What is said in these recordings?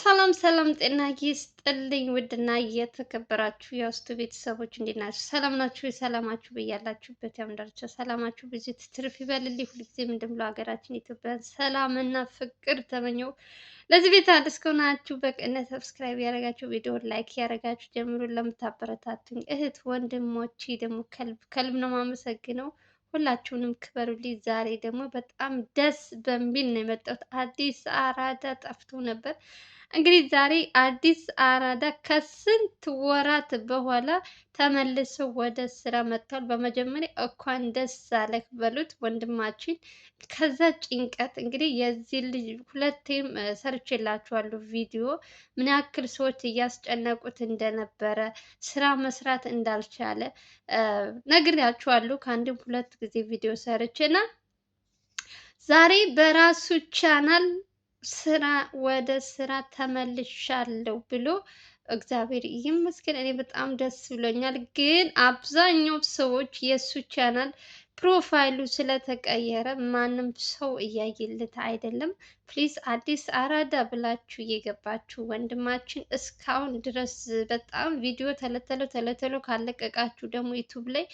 ሰላም ሰላም፣ ጤና ይስጥልኝ ውድና እየተከበራችሁ የውስጡ ቤተሰቦች እንዴት ናችሁ? ሰላም ናችሁ? ሰላማችሁ በያላችሁበት ያምዳርቻ ሰላማችሁ ብዙ ትርፍ ይበልልኝ። ሁልጊዜም እንደምለው ሀገራችን ኢትዮጵያን ሰላምና ፍቅር ተመኘው። ለዚህ ቤት አዲስ ከሆናችሁ በቅነት ሰብስክራይብ ያደረጋችሁ፣ ቪዲዮ ላይክ ያደረጋችሁ ጀምሮ ለምታበረታቱኝ እህት ወንድሞች ደግሞ ከልብ ከልብ ነው የማመሰግነው። ሁላችሁንም ክበሩልኝ። ዛሬ ደግሞ በጣም ደስ በሚል ነው የመጣሁት። አዲስ አራዳ ጠፍቶ ነበር። እንግዲህ ዛሬ አዲስ አራዳ ከስንት ወራት በኋላ ተመልሶ ወደ ስራ መጥቷል። በመጀመሪያ እንኳን ደስ አለህ በሉት ወንድማችን። ከዛ ጭንቀት እንግዲህ የዚህ ልጅ ሁለቴም ሰርቼላችኋለሁ ቪዲዮ ምን ያክል ሰዎች እያስጨነቁት እንደነበረ ስራ መስራት እንዳልቻለ ነግሬያችኋለሁ። ከአንድም ሁለት ጊዜ ቪዲዮ ሰርቼና ዛሬ በራሱ ቻናል ስራ ወደ ስራ ተመልሻለሁ ብሎ እግዚአብሔር ይመስገን፣ እኔ በጣም ደስ ብሎኛል። ግን አብዛኛው ሰዎች የእሱ ቻናል ፕሮፋይሉ ስለተቀየረ ማንም ሰው እያየለት አይደለም። ፕሊዝ አዲስ አራዳ ብላችሁ እየገባችሁ ወንድማችን እስካሁን ድረስ በጣም ቪዲዮ ተለተለው ተለተለው ካለቀቃችሁ ደግሞ ዩቱብ ላይ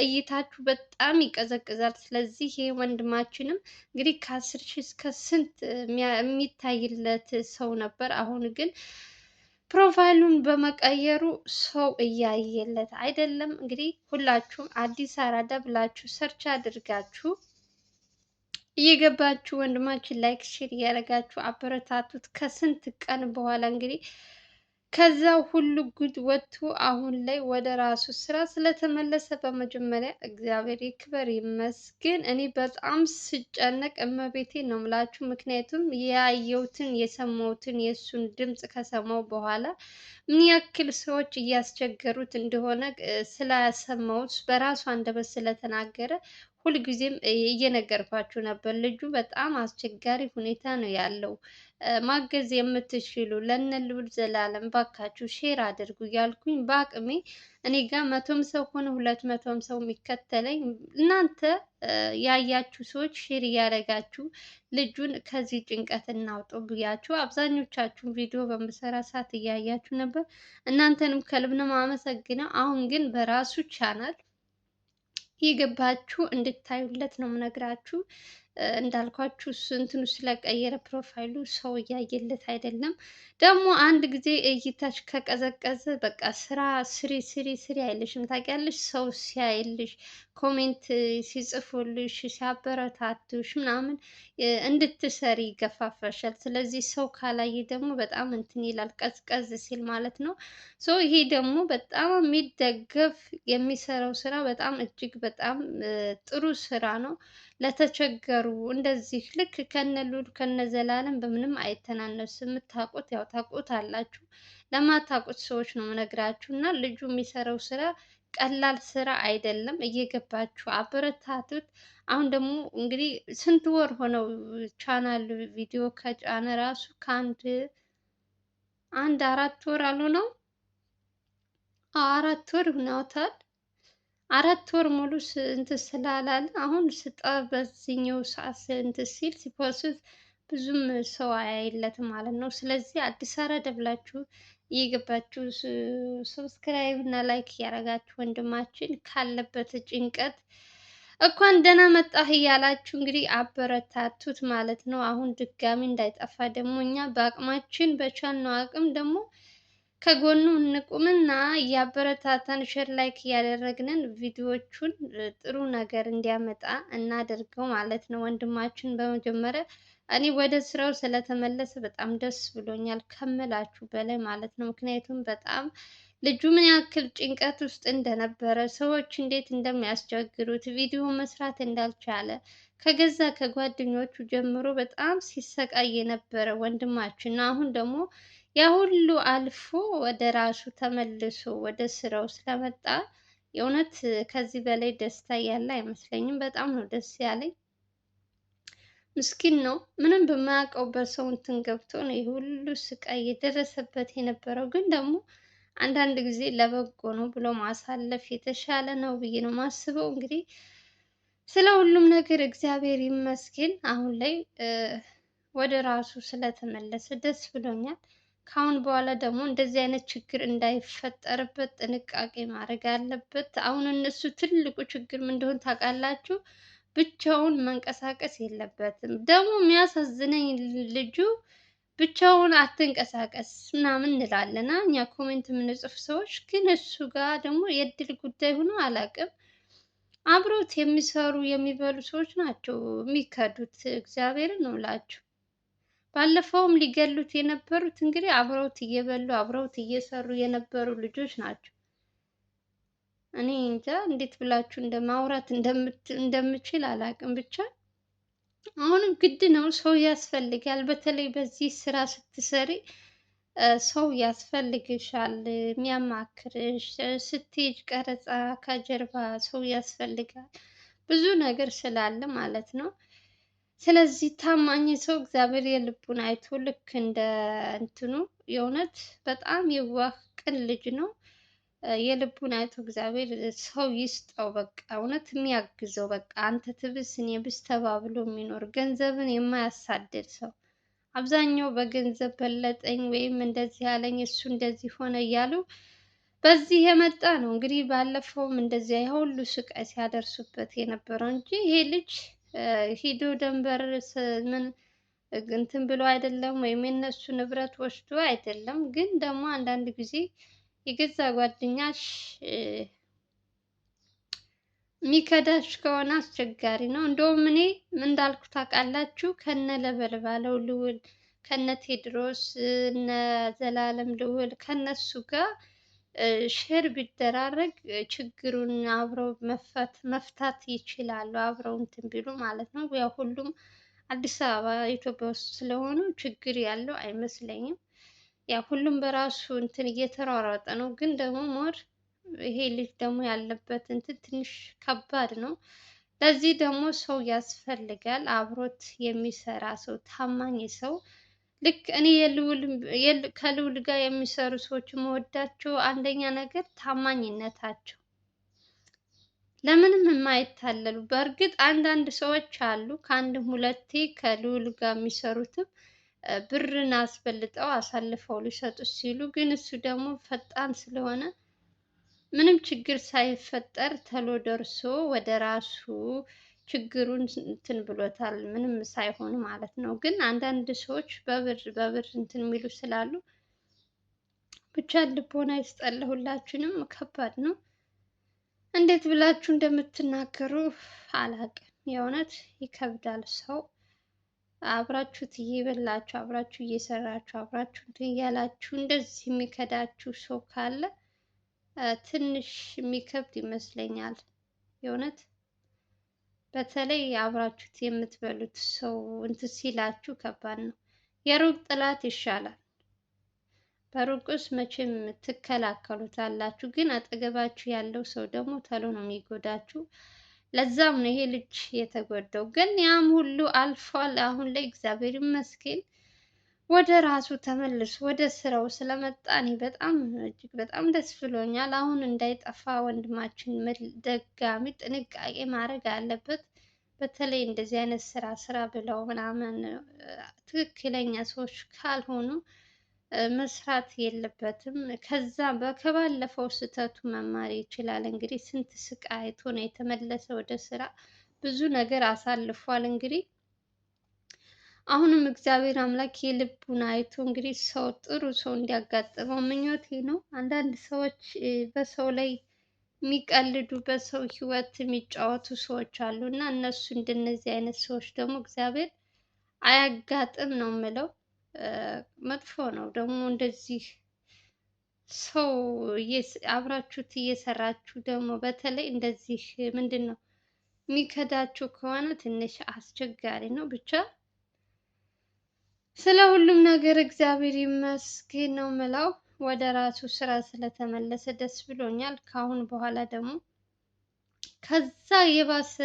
እይታችሁ በጣም ይቀዘቅዛል። ስለዚህ ይሄ ወንድማችንም እንግዲህ ከአስር ሺህ እስከ ስንት የሚታይለት ሰው ነበር። አሁን ግን ፕሮፋይሉን በመቀየሩ ሰው እያየለት አይደለም። እንግዲህ ሁላችሁም አዲስ አራዳ ብላችሁ ሰርች አድርጋችሁ እየገባችሁ ወንድማችን ላይክ ሼር እያደረጋችሁ አበረታቱት። ከስንት ቀን በኋላ እንግዲህ ከዛ ሁሉ ጉድ ወጥቶ አሁን ላይ ወደ ራሱ ስራ ስለተመለሰ በመጀመሪያ እግዚአብሔር ይክበር ይመስገን። እኔ በጣም ስጨነቅ እመቤቴ ነው ምላችሁ። ምክንያቱም ያየሁትን የሰማሁትን የእሱን ድምፅ ከሰማው በኋላ ምን ያክል ሰዎች እያስቸገሩት እንደሆነ ስላሰማሁት በራሱ አንደበት ስለተናገረ ሁልጊዜም እየነገርኳችሁ ነበር። ልጁ በጣም አስቸጋሪ ሁኔታ ነው ያለው። ማገዝ የምትችሉ ለነ ልዑል ዘላለም ባካችሁ ሼር አድርጉ እያልኩኝ በአቅሜ እኔ ጋር መቶም ሰው ሆነ ሁለት መቶም ሰው የሚከተለኝ እናንተ ያያችሁ ሰዎች ሼር እያደረጋችሁ ልጁን ከዚህ ጭንቀት እናውጡ ብያችሁ አብዛኞቻችሁን ቪዲዮ በምሰራ ሰዓት እያያችሁ ነበር። እናንተንም ከልብ ነው የማመሰግነው። አሁን ግን በራሱ ቻናል የገባችሁ እንድታዩለት ነው የምነግራችሁ። እንዳልኳችሁ እሱ እንትኑ ስለቀየረ ፕሮፋይሉ ሰው እያየለት አይደለም። ደግሞ አንድ ጊዜ እይታች ከቀዘቀዘ በቃ ስራ ስሪ ስሪ ስሪ አይልሽም። ታውቂያለሽ፣ ሰው ሲያይልሽ፣ ኮሜንት ሲጽፉልሽ፣ ሲያበረታቱሽ ምናምን እንድትሰሪ ይገፋፋሻል። ስለዚህ ሰው ካላየ ደግሞ በጣም እንትን ይላል፣ ቀዝቀዝ ሲል ማለት ነው። ሶ ይሄ ደግሞ በጣም የሚደገፍ የሚሰራው ስራ በጣም እጅግ በጣም ጥሩ ስራ ነው። ለተቸገሩ እንደዚህ ልክ ከነሉል ከነዘላለም በምንም አይተናነሱ የምታውቁት ያው ታውቁት አላችሁ። ለማታውቁት ሰዎች ነው የምነግራችሁ። እና ልጁ የሚሰራው ስራ ቀላል ስራ አይደለም። እየገባችሁ አበረታቱት። አሁን ደግሞ እንግዲህ ስንት ወር ሆነው ቻናል ቪዲዮ ከጫነ ራሱ ከአንድ አንድ አራት ወር አልሆነው አራት ወር ሁነውታል። አራት ወር ሙሉ እንትን ስላላለ አሁን ስጠ በዚህኛው ሰዓት እንትን ሲል ሲፖስት ብዙም ሰው አያይለትም ማለት ነው። ስለዚህ አዲስ አረዳ ብላችሁ እየገባችሁ ሰብስክራይብ እና ላይክ እያደረጋችሁ ወንድማችን ካለበት ጭንቀት እንኳን ደህና መጣህ እያላችሁ እንግዲህ አበረታቱት ማለት ነው። አሁን ድጋሚ እንዳይጠፋ ደግሞ እኛ በአቅማችን በቻልነው አቅም ደግሞ ከጎኑ እንቁምና እያበረታታን ሼር ላይክ እያደረግንን ቪዲዮቹን ጥሩ ነገር እንዲያመጣ እናደርገው ማለት ነው። ወንድማችን በመጀመሪያ እኔ ወደ ስራው ስለተመለሰ በጣም ደስ ብሎኛል ከምላችሁ በላይ ማለት ነው። ምክንያቱም በጣም ልጁ ምን ያክል ጭንቀት ውስጥ እንደነበረ፣ ሰዎች እንዴት እንደሚያስቸግሩት፣ ቪዲዮ መስራት እንዳልቻለ ከገዛ ከጓደኞቹ ጀምሮ በጣም ሲሰቃይ የነበረ ወንድማችን አሁን ደግሞ ያ ሁሉ አልፎ ወደ ራሱ ተመልሶ ወደ ስራው ስለመጣ የእውነት ከዚህ በላይ ደስታ ያለ አይመስለኝም። በጣም ነው ደስ ያለኝ። ምስኪን ነው። ምንም በማያውቀው በሰው እንትን ገብቶ ነው ይህ ሁሉ ስቃይ የደረሰበት የነበረው። ግን ደግሞ አንዳንድ ጊዜ ለበጎ ነው ብሎ ማሳለፍ የተሻለ ነው ብዬ ነው ማስበው። እንግዲህ ስለ ሁሉም ነገር እግዚአብሔር ይመስገን። አሁን ላይ ወደ ራሱ ስለተመለሰ ደስ ብሎኛል። ከአሁን በኋላ ደግሞ እንደዚህ አይነት ችግር እንዳይፈጠርበት ጥንቃቄ ማድረግ አለበት። አሁን እነሱ ትልቁ ችግር ምን እንደሆነ ታውቃላችሁ? ብቻውን መንቀሳቀስ የለበትም። ደግሞ የሚያሳዝነኝ ልጁ ብቻውን አትንቀሳቀስ ምናምን እንላለና እኛ ኮሜንት የምንጽፍ ሰዎች፣ ግን እሱ ጋር ደግሞ የእድል ጉዳይ ሆኖ አላውቅም። አብሮት የሚሰሩ የሚበሉ ሰዎች ናቸው የሚከዱት። እግዚአብሔርን ነው እምላችሁ ባለፈውም ሊገሉት የነበሩት እንግዲህ አብረውት እየበሉ አብረውት እየሰሩ የነበሩ ልጆች ናቸው። እኔ እንጃ እንዴት ብላችሁ እንደማውራት እንደምችል አላውቅም። ብቻ አሁንም ግድ ነው፣ ሰው ያስፈልጋል። በተለይ በዚህ ስራ ስትሰሪ ሰው ያስፈልግሻል። የሚያማክርሽ ስትሄጅ ቀረጻ ከጀርባ ሰው ያስፈልጋል። ብዙ ነገር ስላለ ማለት ነው። ስለዚህ ታማኝ ሰው እግዚአብሔር የልቡን አይቶ ልክ እንደ እንትኑ የእውነት በጣም የዋህ ቅን ልጅ ነው። የልቡን አይቶ እግዚአብሔር ሰው ይስጠው። በቃ እውነት የሚያግዘው በቃ አንተ ትብስ እኔ ብስ ተባብሎ የሚኖር ገንዘብን የማያሳድድ ሰው። አብዛኛው በገንዘብ በለጠኝ ወይም እንደዚህ ያለኝ እሱ እንደዚህ ሆነ እያሉ በዚህ የመጣ ነው እንግዲህ ባለፈውም እንደዚያ ሁሉ ስቃይ ሲያደርሱበት የነበረው እንጂ ይሄ ልጅ ሂዶ ደንበር ምን እንትን ብሎ አይደለም ወይም የነሱ ንብረት ወስዶ አይደለም። ግን ደግሞ አንዳንድ ጊዜ የገዛ ጓደኛሽ የሚከዳሽ ከሆነ አስቸጋሪ ነው። እንደውም እኔ እንዳልኩ ታውቃላችሁ ከነ ለበልባለው ልውል ከነ ቴድሮስ እነ ዘላለም ልውል ከነሱ ጋር ሼር ቢደራረግ ችግሩን አብረው መፍታት ይችላሉ። አብረው እንትን ቢሉ ማለት ነው። ያው ሁሉም አዲስ አበባ ኢትዮጵያ ውስጥ ስለሆኑ ችግር ያለው አይመስለኝም። ያ ሁሉም በራሱ እንትን እየተሯሯጠ ነው። ግን ደግሞ ሞር ይሄ ልጅ ደግሞ ያለበት እንትን ትንሽ ከባድ ነው። ለዚህ ደግሞ ሰው ያስፈልጋል። አብሮት የሚሰራ ሰው፣ ታማኝ ሰው ልክ እኔ ከልውል ጋር የሚሰሩ ሰዎች መወዳቸው አንደኛ ነገር ታማኝነታቸው፣ ለምንም የማይታለሉ። በእርግጥ አንዳንድ ሰዎች አሉ ከአንድም ሁለቴ ከልውል ጋር የሚሰሩትም ብርን አስበልጠው አሳልፈው ሊሰጡ ሲሉ፣ ግን እሱ ደግሞ ፈጣን ስለሆነ ምንም ችግር ሳይፈጠር ተሎ ደርሶ ወደ ራሱ ችግሩን እንትን ብሎታል። ምንም ሳይሆን ማለት ነው። ግን አንዳንድ ሰዎች በብር በብር እንትን የሚሉ ስላሉ ብቻ ልቦና ይስጠን። ሁላችንም ከባድ ነው። እንዴት ብላችሁ እንደምትናገሩ አላቅም የእውነት ይከብዳል። ሰው አብራችሁት እየበላችሁ አብራችሁ እየሰራችሁ አብራችሁ እንትን እያላችሁ እንደዚህ የሚከዳችሁ ሰው ካለ ትንሽ የሚከብድ ይመስለኛል የእውነት በተለይ አብራችሁት የምትበሉት ሰው እንትን ሲላችሁ ከባድ ነው። የሩቅ ጥላት ይሻላል። በሩቁስ መቼም ትከላከሉት አላችሁ፣ ግን አጠገባችሁ ያለው ሰው ደግሞ ተሎ ነው የሚጎዳችሁ። ለዛም ነው ይሄ ልጅ የተጎዳው። ግን ያም ሁሉ አልፏል። አሁን ላይ እግዚአብሔር ይመስገን ወደ ራሱ ተመልሶ ወደ ስራው ስለመጣ እኔ በጣም እጅግ በጣም ደስ ብሎኛል። አሁን እንዳይጠፋ ወንድማችን ደጋሚ ጥንቃቄ ማድረግ አለበት። በተለይ እንደዚህ አይነት ስራ ስራ ብለው ምናምን ትክክለኛ ሰዎች ካልሆኑ መስራት የለበትም። ከዛ ከባለፈው ስህተቱ መማር ይችላል። እንግዲህ ስንት ስቃይ አይቶ ነው የተመለሰ ወደ ስራ። ብዙ ነገር አሳልፏል እንግዲህ አሁንም እግዚአብሔር አምላክ የልቡን አይቶ እንግዲህ ሰው ጥሩ ሰው እንዲያጋጥመው ምኞቴ ነው። አንዳንድ ሰዎች በሰው ላይ የሚቀልዱ በሰው ህይወት የሚጫወቱ ሰዎች አሉ እና እነሱ እንደነዚህ አይነት ሰዎች ደግሞ እግዚአብሔር አያጋጥም ነው የምለው። መጥፎ ነው ደግሞ እንደዚህ ሰው አብራችሁት እየሰራችሁ ደግሞ በተለይ እንደዚህ ምንድን ነው የሚከዳችሁ ከሆነ ትንሽ አስቸጋሪ ነው ብቻ ስለ ሁሉም ነገር እግዚአብሔር ይመስገን ነው የምለው። ወደ ራሱ ስራ ስለተመለሰ ደስ ብሎኛል። ከአሁን በኋላ ደግሞ ከዛ የባሰ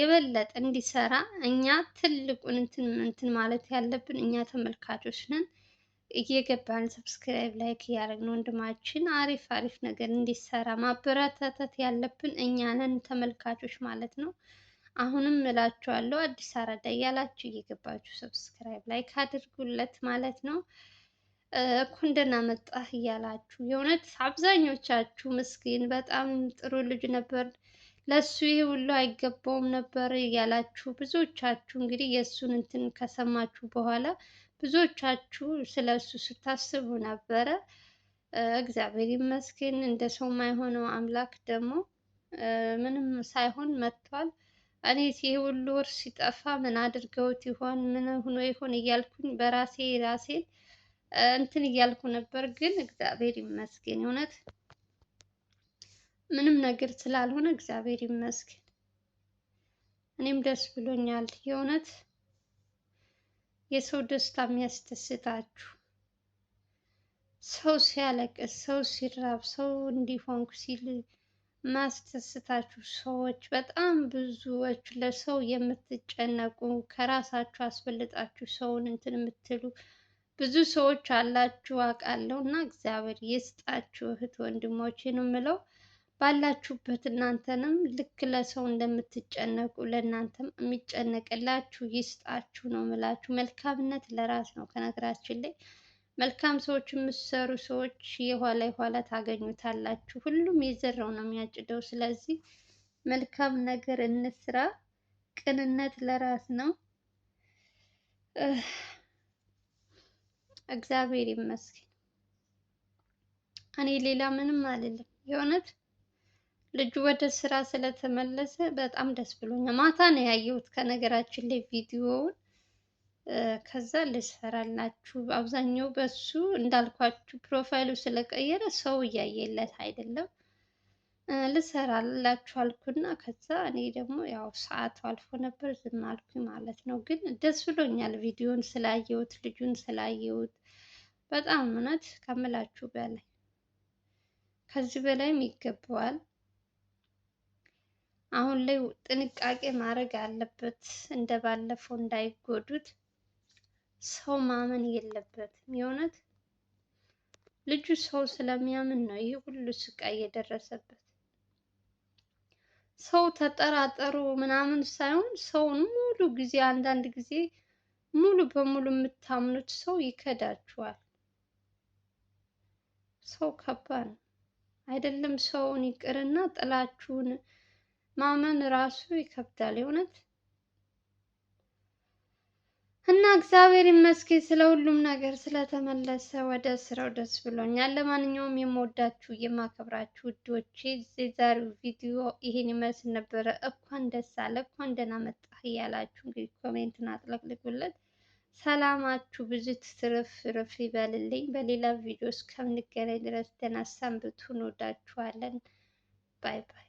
የበለጠ እንዲሰራ እኛ ትልቁን እንትን እንትን ማለት ያለብን እኛ ተመልካቾች ነን። እየገባን ሰብስክራይብ ላይክ እያደረግን ወንድማችን አሪፍ አሪፍ ነገር እንዲሰራ ማበረታታት ያለብን እኛ ነን ተመልካቾች ማለት ነው። አሁንም እላችኋለሁ አዲስ አራዳ እያላችሁ እየገባችሁ ሰብስክራይብ ላይክ አድርጉለት ማለት ነው። እኮ እንደና መጣህ እያላችሁ የእውነት አብዛኞቻችሁ ምስኪን በጣም ጥሩ ልጅ ነበር፣ ለሱ ይሄ ሁሉ አይገባውም ነበር እያላችሁ ብዙዎቻችሁ እንግዲህ የእሱን እንትን ከሰማችሁ በኋላ ብዙዎቻችሁ ስለ እሱ ስታስቡ ነበረ። እግዚአብሔር ይመስገን እንደ ሰው የማይሆነው አምላክ ደግሞ ምንም ሳይሆን መጥቷል። እኔ ይህ ሁሉ ወር ሲጠፋ ምን አድርገውት ይሆን ምን ሆኖ ይሆን እያልኩኝ በራሴ ራሴን እንትን እያልኩ ነበር። ግን እግዚአብሔር ይመስገን እውነት ምንም ነገር ስላልሆነ እግዚአብሔር ይመስገን። እኔም ደስ ብሎኛል የእውነት የሰው ደስታ የሚያስደስታችሁ ሰው ሲያለቅስ፣ ሰው ሲራብ፣ ሰው እንዲሆንኩ ሲል ማስደስታችሁ ሰዎች በጣም ብዙዎች ለሰው የምትጨነቁ ከራሳችሁ አስበልጣችሁ ሰውን እንትን የምትሉ ብዙ ሰዎች አላችሁ አውቃለሁ። እና እግዚአብሔር ይስጣችሁ እህት ወንድሞቼ ነው የምለው። ባላችሁበት እናንተንም ልክ ለሰው እንደምትጨነቁ ለእናንተም የሚጨነቅላችሁ ይስጣችሁ ነው የምላችሁ። መልካምነት ለራስ ነው ከነገራችን ላይ መልካም ሰዎች የምትሰሩ ሰዎች የኋላ የኋላ ታገኙታላችሁ። ሁሉም የዘራው ነው የሚያጭደው። ስለዚህ መልካም ነገር እንስራ። ቅንነት ለራስ ነው። እግዚአብሔር ይመስገን። እኔ ሌላ ምንም አልልም። የእውነት ልጁ ወደ ስራ ስለተመለሰ በጣም ደስ ብሎኛል። ማታ ነው ያየሁት ከነገራችን ላይ ቪዲዮውን ከዛ ልሰራላችሁ አብዛኛው በሱ እንዳልኳችሁ ፕሮፋይሉ ስለቀየረ ሰው እያየለት አይደለም። ልሰራላችሁ አልኩና ከዛ እኔ ደግሞ ያው ሰዓቱ አልፎ ነበር ዝም አልኩኝ ማለት ነው። ግን ደስ ብሎኛል ቪዲዮን ስላየሁት ልጁን ስላየሁት በጣም እውነት ከምላችሁ በላይ ከዚህ በላይም ይገባዋል። አሁን ላይ ጥንቃቄ ማድረግ አለበት፣ እንደባለፈው እንዳይጎዱት ሰው ማመን የለበትም። የእውነት ልጁ ሰው ስለሚያምን ነው ይህ ሁሉ ስቃይ የደረሰበት። ሰው ተጠራጠሩ ምናምን ሳይሆን ሰውን ሙሉ ጊዜ አንዳንድ ጊዜ ሙሉ በሙሉ የምታምኑት ሰው ይከዳችኋል። ሰው ከባድ ነው አይደለም። ሰውን ይቅርና ጥላችሁን ማመን ራሱ ይከብዳል የእውነት እና እግዚአብሔር ይመስገን ስለ ሁሉም ነገር ስለተመለሰ ወደ ስራው ደስ ብሎኛል። ለማንኛውም የምወዳችሁ የማከብራችሁ ውዶቼ የዛሬው ቪዲዮ ይህን ይመስል ነበረ። እንኳን ደስ አለ እንኳን ደህና መጣህ እያላችሁ እንግዲህ ኮሜንትን አጥለቅልቁለት። ሰላማችሁ ብዙ ትርፍ ርፍ ይበልልኝ። በሌላ ቪዲዮ እስከምንገናኝ ድረስ ደህና ሰንብቱ። እንወዳችኋለን። ባይ ባይ።